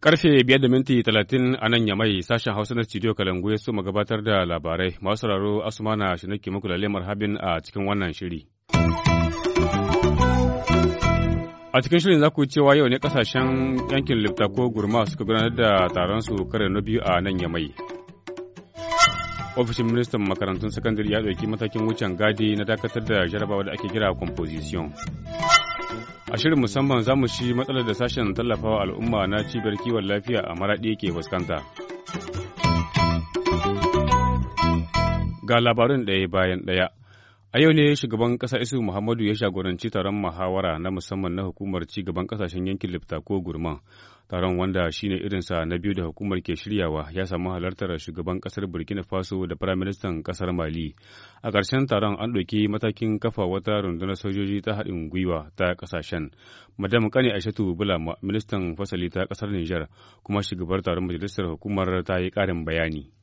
Karfe biyar da minti talatin a nan yamai sashen Hausa na studio Kalangu ya suma gabatar da labarai. Masu sauraro Asumana shi nake muku lalle marhabin a cikin wannan shiri. A cikin shirin za ku cewa yau ne kasashen yankin Lipta ko Gurma suka gudanar da taron su kare na biyu a nan Yamai. ofishin ministan makarantun sakandare ya ɗauki matakin wucin gadi na dakatar da jarabawa da ake kira composition a shirin musamman za mu shi matsalar da sashen tallafawa al'umma na cibiyar kiwon lafiya a maraɗi ke fuskanta ga labarin ɗaya bayan ɗaya A yau ne shugaban ƙasa Isu Muhammadu ya shagoranci taron muhawara na musamman na hukumar ci gaban ƙasashen yankin Lifta ko Gurman. Taron wanda shine irinsa na biyu da hukumar ke shiryawa ya samu halartar shugaban ƙasar Burkina Faso da Firaministan ƙasar Mali. A ƙarshen taron an ɗauki matakin kafa wata rundunar sojoji ta haɗin gwiwa ta kasashen Madam Kani Aishatu Bula ministan fasali ta ƙasar Nijar kuma shugabar taron majalisar hukumar ta yi ƙarin bayani.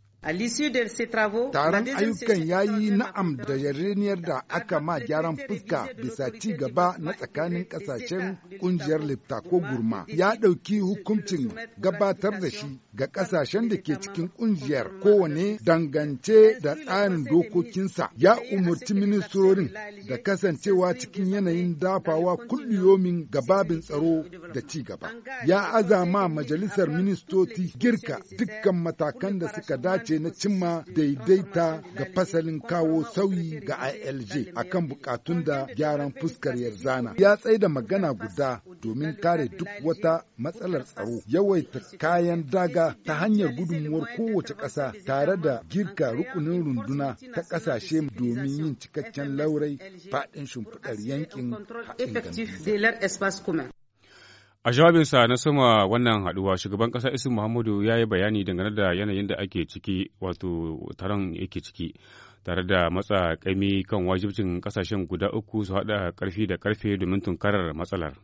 Taron ayyukan ya yi na'am da yarjeniyar da aka ma gyaran fuska bisa ci gaba na tsakanin ƙasashen ƙungiyar lifta ko gurma. Ya ɗauki hukuncin gabatar da shi ga ƙasashen da ke cikin ƙungiyar kowane dangance da tsarin dokokinsa. Ya umarci ministorin da kasancewa cikin yanayin dafawa kulliyomin gababin tsaro da ci gaba. Ya azama majalisar ministoci girka dukkan matakan da suka dace ce na cimma daidaita ga fasalin kawo sauyi ga ILJ kan bukatun da gyaran fuskar yarzana. Ya da magana guda domin kare duk wata matsalar tsaro, yawaita kayan daga ta hanyar gudunmuwar kowace ƙasa tare da girka rukunin runduna ta ƙasashe domin yin cikakken laurai faɗin shimfiɗar yankin haɗin A jawabinsa na sama wannan haduwa shugaban kasa Isu Muhammadu ya yi bayani dangane da yanayin da ake ciki wato taron yake ciki tare da matsa kaimi kan wajibcin kasashen guda uku su haɗa ƙarfi da ƙarfe domin tunkarar matsalar.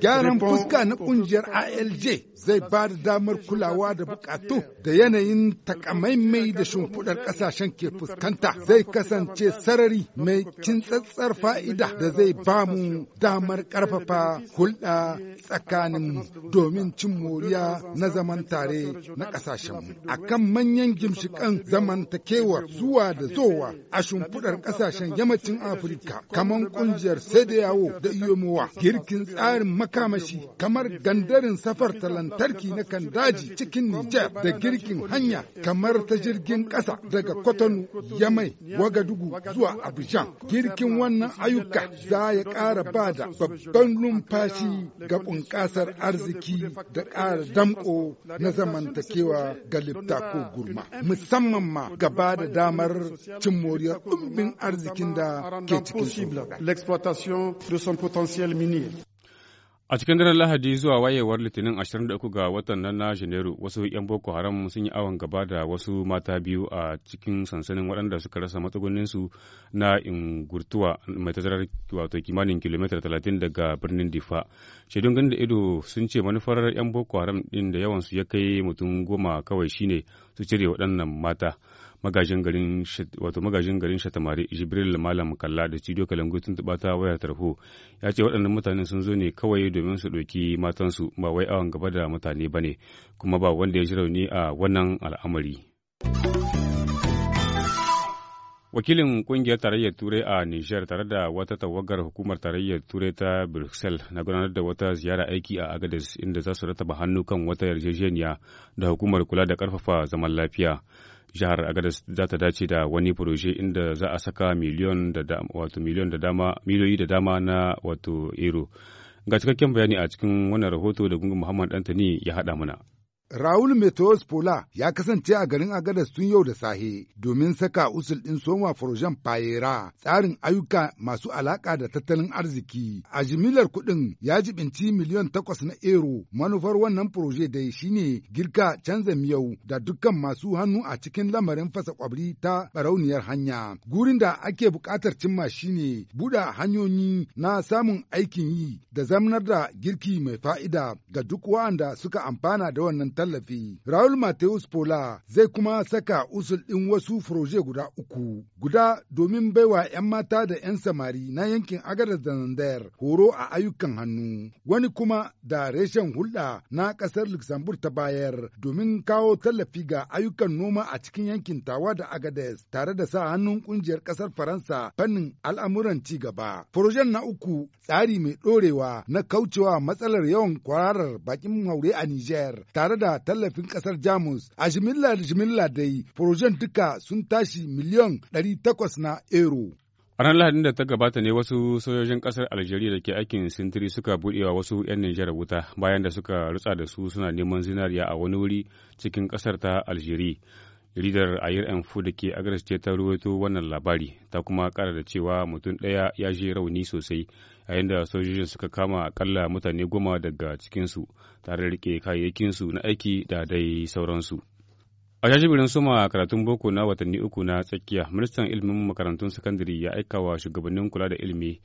Gyaran fuska na kungiyar ALJ zai ba da damar kulawa da bukatu da yanayin takamaimai da shimfiɗar ƙasashen ke fuskanta zai kasance sarari mai kintsatsar fa'ida da zai ba mu damar ƙarfafa hulɗa tsakanin domin cin moriya na zaman tare na ƙasashenmu. A kan manyan gimshiƙan zamantakewar zuwa da zowa a shimfiɗar ƙasashen yammacin Afirka kamar kungiyar sai da Iyomo damuwa girkin tsarin makamashi kamar gandarin safar ta lantarki na kan daji cikin Nijar da girkin hanya kamar ta jirgin ƙasa daga Kotonu, Yamai, Wagadugu zuwa Abidjan. Girkin wannan ayyuka za ya ƙara ba da babban numfashi ga bunƙasar arziki da ƙara damƙo na zamantakewa ga ko gurma, musamman ma gaba da damar cin moriyar ɗumbin arzikin da ke cikin su. A cikin daren Lahadi zuwa wayewar Litinin 23 ga watan nan na Janairu, wasu 'yan Boko Haram sun yi awon gaba da wasu mata biyu a cikin sansanin waɗanda suka rasa su na Ingurtuwa mai tazarar wato kimanin kilomita 30 daga birnin Difa. Shaidun ganin da ido sun ce manufar 'yan Boko Haram ɗin da yawansu ya kai mutum goma kawai shine su cire waɗannan mata. magajin garin wato magajin garin Shatamari Jibril Malam Kalla da Cidio Kalangu tun tuba ta wayar tarho ya ce waɗannan mutane sun zo ne kawai domin su ɗauki matansu ba wai awan gaba da mutane ba ne kuma ba wanda ya ji rauni a wannan al'amari. Wakilin kungiyar tarayyar Turai a Nijar tare da wata tawagar hukumar tarayyar Turai ta Brussels na gudanar da wata ziyara aiki a Agadez inda za su rataba hannu kan wata yarjejeniya da hukumar kula da karfafa zaman lafiya. Jihar Agadez za ta dace da wani furoje inda za a saka miliyon da dama miliyoyi da dama na wato euro. Ga cikakken bayani a cikin wannan rahoto da gungun Muhammad Dantani ya haɗa mana. Raul Meteos Pola ya kasance a garin Agadas tun yau da sahe domin saka usul ɗin Soma Forojan Fayera tsarin ayyuka masu alaƙa da tattalin arziki. A jimilar kuɗin ya jibinci miliyan takwas na ero manufar wannan furoje dai shine girka canza miyau da dukkan masu hannu a cikin lamarin fasa kwabri ta barauniyar hanya. Gurin da ake buƙatar cimma shine buɗe hanyoyi na samun aikin yi da zamanar da girki mai fa'ida ga duk waɗanda suka amfana da wannan tallafi. Raul Mateus Pola zai kuma saka usul ɗin wasu furoje guda uku, guda domin baiwa 'yan mata da 'yan samari na yankin agadar Zanzandar horo a ayyukan hannu, wani kuma da reshen hulɗa na ƙasar Luxembourg ta bayar domin kawo tallafi ga ayyukan noma a cikin yankin Tawa da Agades tare da sa hannun ƙungiyar ƙasar Faransa fannin al'amuran ci gaba. Furojen na uku tsari mai ɗorewa na kaucewa matsalar yawan kwararar bakin haure a Nijar tare da tallafin kasar Jamus. A jimilla da jimilla dai, furojen duka sun tashi miliyan 800 na euro. ranar Lahadin da ta gabata ne wasu sojojin kasar Algeria da ke aikin sintiri suka budewa wasu 'yan Nijar wuta bayan da suka rutsa da su suna neman zinariya a wani wuri cikin kasar ta Algeria. Jaridar Ayir Enfu da ke agras ce ta ruwaito wannan labari ta kuma kara da cewa mutum daya ya je rauni sosai a da sojojin suka kama akalla mutane goma daga cikinsu tare da rike kayayyakinsu na aiki da dai sauransu. A jajibirin suma karatun boko na watanni uku na tsakiya, ministan ilimin makarantun sakandare ya aika wa shugabannin kula da ilimi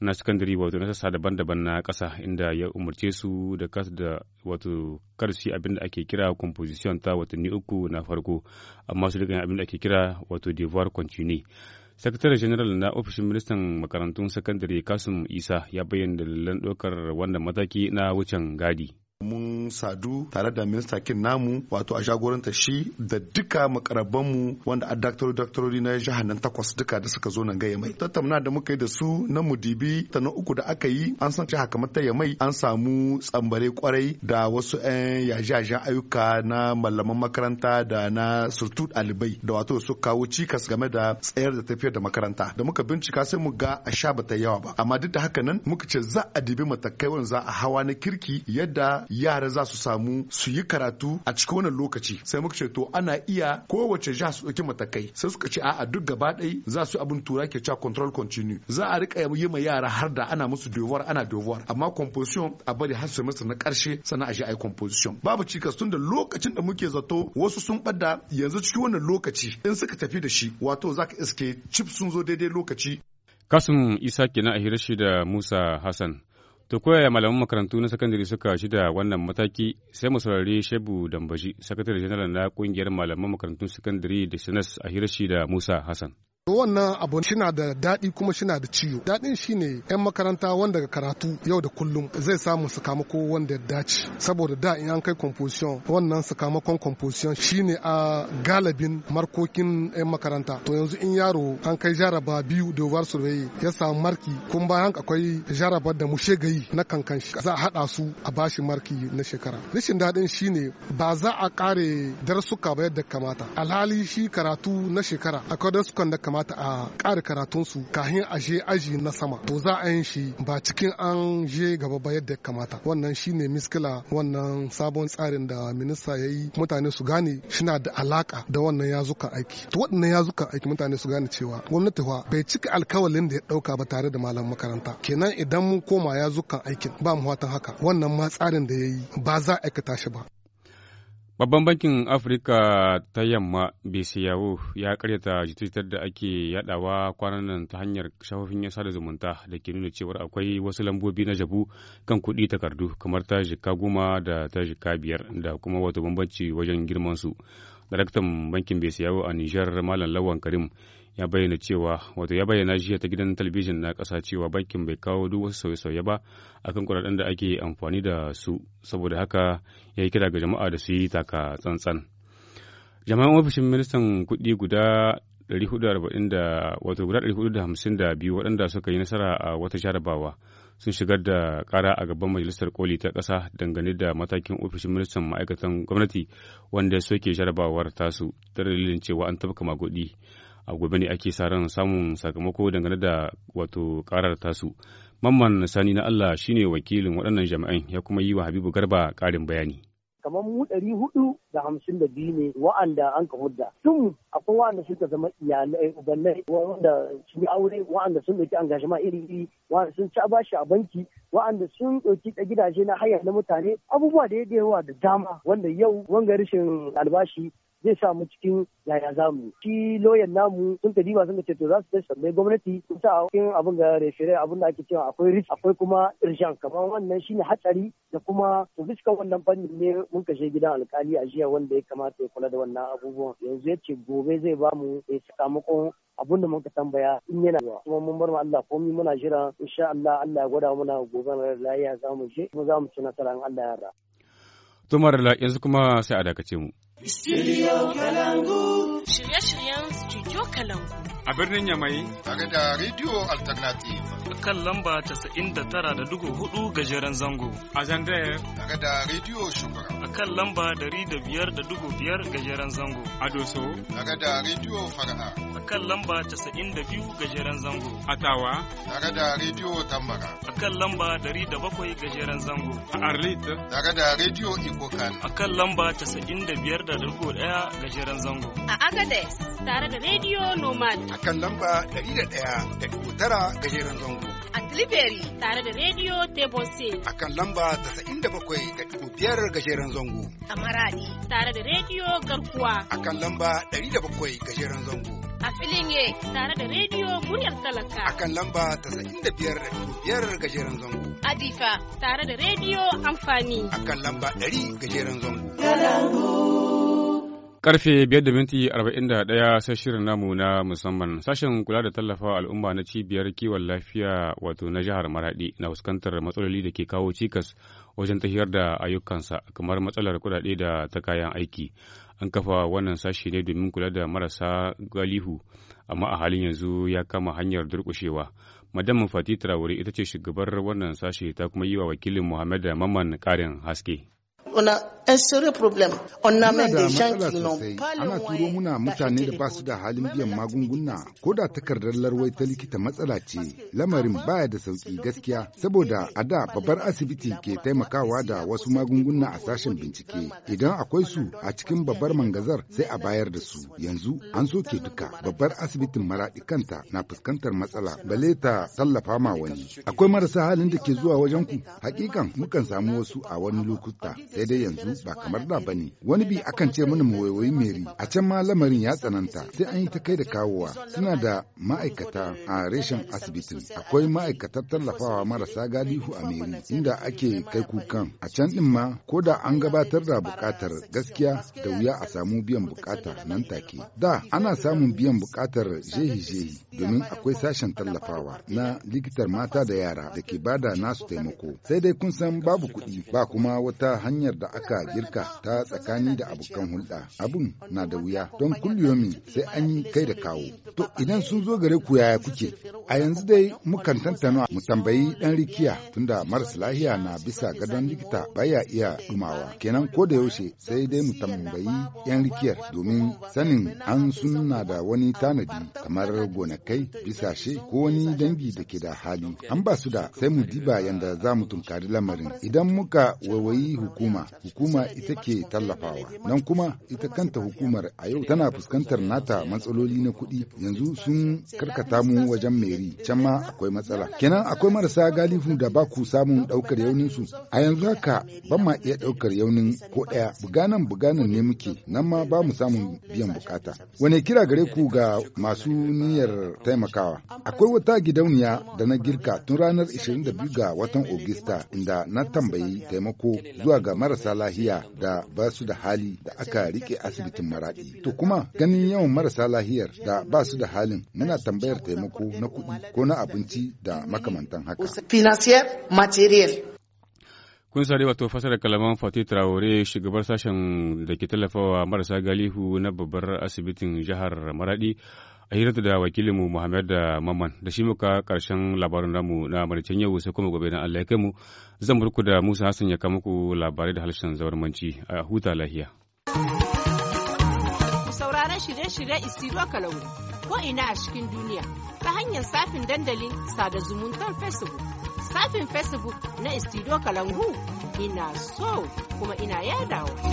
na sakandare wato na sassa daban-daban na kasa inda ya umarce su da kasa da wato kar su abin da ake kira composition ta watanni uku na farko amma su rika abin da ake kira wato devoir continue sakatare general na ofishin ministan makarantun sakandare kasim isa ya bayyana dalilan ɗaukar wannan mataki na wucin gadi mun sadu tare da minista kin namu wato a jagoranta shi da duka makarabanmu wanda a daktaro daktarori na jihar nan takwas duka da suka zo nan ga yamai tattauna da muka yi da su na mudibi ta na uku da aka yi an san jiha kamar ta yamai an samu tsambare kwarai da wasu 'yan yaje ayyuka na malaman makaranta da na surtu ɗalibai da wato su kawo cikas game da tsayar da tafiyar da makaranta da muka bincika sai mu ga a sha bata yawa ba amma duk da haka nan muka ce za a dibi matakai wanda za a hawa na kirki yadda yara za su samu su yi karatu a cikin wannan lokaci sai muka ce to ana iya kowace jiha su ɗauki matakai sai suka ce a'a duk gaba ɗaya za su abin tura ke cewa control continue za a rika yi ma yara har da ana musu devoir ana devoir amma composition a bari har semester na karshe sannan a shi ai composition babu cikas tun da lokacin da muke zato wasu sun bada yanzu cikin wannan lokaci in suka tafi da shi wato zaka iske chip sun zo daidai lokaci Kasim Isa kenan a hirashi da Musa Hassan. To koyaya malaman makarantu na sakandare suka shida wannan mataki sai mu saurari Shebu Dambaji, sakatare janaral na kungiyar malaman makarantun sakandare da sanas a hirashi da Musa Hassan. wannan abu shina da daɗi kuma shina da ciwo daɗin shine 'yan makaranta wanda karatu yau da kullum zai samu sakamako wanda ya dace saboda da in an kai composition wannan sakamakon composition shine a galabin markokin 'yan makaranta to yanzu in yaro an kai jaraba biyu da war survey ya samu marki kun bayan akwai jarabar da mushegayi na kankan shi za a haɗa su a bashi marki na shekara rashin daɗin shine ba za a kare darsuka ba yadda kamata alhali shi karatu na shekara akwai darsukan da kamata kamata a ƙara karatunsu kahin a je aji na sama to za a yin shi ba cikin an je gaba ba yadda ya kamata wannan shi ne miskila wannan sabon tsarin da minista ya yi mutane su gane na da alaka da wannan zuka aiki to waɗannan yazukan aiki mutane su gane cewa gwamnati fa bai cika alkawalin da ya ɗauka ba tare da malam makaranta kenan idan mun koma yazukan aikin ba mu fatan haka wannan ma tsarin da ya yi ba za a aikata shi ba Babban bankin Afirka ta yamma BCAO ya karyata jitar da ake yadawa kwanan nan ta hanyar shafofin da zumunta da ke nuna cewar akwai wasu lambobi na jabu kan kuɗi takardu kamar ta jika goma da ta jika biyar da kuma wato bambanci wajen girmansu. Daraktan bankin BCAO a Nijar Malam Lawan Karim ya bayyana cewa wato ya bayyana jiya ta gidan talabijin na ƙasa cewa bankin bai kawo duk wasu sauye-sauye ba akan kuɗaɗen da ake amfani da su saboda haka ya yi kira ga jama'a da su yi taka tsantsan jama'an ofishin ministan kuɗi guda 440 wato guda 452 waɗanda suka yi nasara a wata jarabawa sun shigar da kara a gaban majalisar koli ta ƙasa dangane da matakin ofishin ministan ma'aikatan gwamnati wanda soke jarabawar tasu ta dalilin cewa an kama magudi a gobe ne ake sa ran samun sakamako dangane da wato karar tasu mamman sani na allah shine wakilin waɗannan jami'an ya kuma yi wa habibu garba ƙarin bayani kamar mu ɗari hudu da hamsin da biyu ne wa'anda an ka hudda tun akwai wa'anda suka zama iyalai ubannai wa'anda sun yi aure wa'anda sun ɗauki angashima iri iri wa'anda sun ci bashi a banki wa'anda sun ɗauki ɗan gidaje na haya na mutane abubuwa da yawa da dama wanda yau wanga rashin albashi zai sa mu cikin yaya za mu shi loyan namu sun ka diba sun ka ce to za su sai gwamnati sun sa cikin abin da refere abin da ake cewa akwai risk akwai kuma irshan kamar wannan shine hatsari da kuma to bisa wannan fannin ne mun kashe gidan alkali a jiya wanda ya kamata ya kula da wannan abubuwan yanzu ya ce gobe zai ba mu sakamakon abin da muka tambaya in yana zuwa kuma mun bar Allah komi muna jira insha Allah Allah ya gwada muna gobe na lafiya za mu je kuma za mu ci nasara in Allah ya yarda Tumar yanzu kuma sai a dakace mu. Studio Kalangu. Shirye-shiryen Studio Kalangu. A birnin Yamai. Tare da Radio Alternative. kan lamba 99.4 gajeren zango. A Zandayar. Daga da Radio Shugaba. A kan lamba 105.5 gajeren zango. A Doso. Daga da Radio Fara'a. A kan lamba 92 gajeren zango. A Tawa. Daga da Radio Tambara. A kan lamba 107 gajeren zango. A Arlit. Daga da Radio Ikokan. A kan lamba 95.1 gajeren zango. A Agades. Tare da Radio Nomad. A kan lamba 101.9 gajeren zango. mu. A Tilibiri. Tare da Radio Table A kan lamba da bakwai da biyar gajeren zango. A Tare da Radio Garkuwa. A kan lamba ɗari da bakwai gajeren zango. A filin ye. Tare da Radio Muryar Talaka. A kan lamba da biyar biyar gajeren zango. A Tare da Radio Amfani. A kan lamba ɗari gajeren zango. Yalangu. Karfe biyar da minti arba'in ɗaya sai shirin namu na musamman sashen kula da tallafa al'umma na cibiyar kiwon lafiya wato na jihar Maraɗi na fuskantar matsaloli da ke kawo cikas wajen tafiyar da ayyukansa kamar matsalar kuɗaɗe da ta kayan aiki. An kafa wannan sashi ne domin kula da marasa galihu amma a halin yanzu ya kama hanyar durƙushewa. Madam Fati Traore ita ce shugabar wannan sashi ta kuma yi wa wakilin Muhammad Maman karin haske. un da problème. sosai Ana turo muna mutane da ba su da halin biyan magunguna ko da takardar larwai ta likita matsala ce. Lamarin baya da sauki gaskiya saboda a da babbar asibiti ke taimakawa da wasu magunguna a sashen bincike. Idan akwai su a cikin babbar mangazar sai a bayar da su. Yanzu an soke duka babbar asibitin maraɗi kanta na fuskantar matsala bale ta tallafa ma wani. Akwai marasa halin da ke zuwa wajen ku. Hakikan mukan samu wasu a wani lokuta sai dai yanzu ba kamar da bane wani bi akan ce mini mu wayoyi meri a can ma lamarin ya tsananta sai an yi ta kai da kawowa suna da ma'aikata a reshen asibitin akwai ma'aikatar tallafawa marasa galihu a meri inda ake kai kukan a can din ma ko da an gabatar da bukatar gaskiya da wuya a samu biyan bukata nan take da ana samun biyan bukatar jehi-jehi domin akwai sashen tallafawa na likitar mata da yara da ke bada nasu taimako sai dai kun san babu kuɗi ba kuma wata hanyar da aka girka ta tsakani da abokan hulɗa abun na da wuya don kulliyomi sai an yi kai da kawo to idan sun zo gare ku yaya kuke a yanzu dai mukan tantana mu tambayi dan rikiya tunda maras lahiya na bisa gadon likita baya iya dumawa kenan ko da yaushe sai dai mu tambayi yan rikiyar domin sanin an sunna da wani tanadi kamar gonakai bisashe ko wani dangi da ke da hali an ba su da sai mu diba yanda za mu tunkari lamarin idan muka wawayi hukuma hukuma hukuma ita ke tallafawa nan kuma ita kanta hukumar a yau tana fuskantar nata matsaloli na kuɗi yanzu sun karkata mu wajen meri can ma akwai matsala kenan akwai marasa galihu da ba ku samun ɗaukar yaunin su a yanzu haka ban ma iya ɗaukar yaunin ko ɗaya buganan buganan ne muke nan ma ba mu samun biyan bukata wane kira gare ku ga masu niyyar taimakawa akwai wata gidauniya da na girka tun ranar 22 ga watan ogista inda na tambayi taimako zuwa ga marasa lahi. lahiya da ba su da hali da aka rike asibitin maraɗi. To kuma ganin yawan marasa lahiyar da ba su da halin muna tambayar taimako na kuɗi ko na abinci da makamantan haka. Financier material. kun sare wato fasara kalaman Fatih Traore shugabar sashen da ke tallafawa marasa galihu na babbar asibitin jihar Maradi a hirar da wakilinmu Muhammad da eh, Maman da shi muka karshen labarin ramu na maricen yau sai kuma gobe na Allah ya kai mu zan burku da Musa Hassan ya kama ku labarai da harshen zawarmanci a huta lahiya. Sauraron shirye-shirye Isiro Kalau ko ina a cikin duniya ta hanyar safin dandalin sada zumuntar Facebook. Safin Facebook na Isiro Kalangu ina so kuma ina yadawa.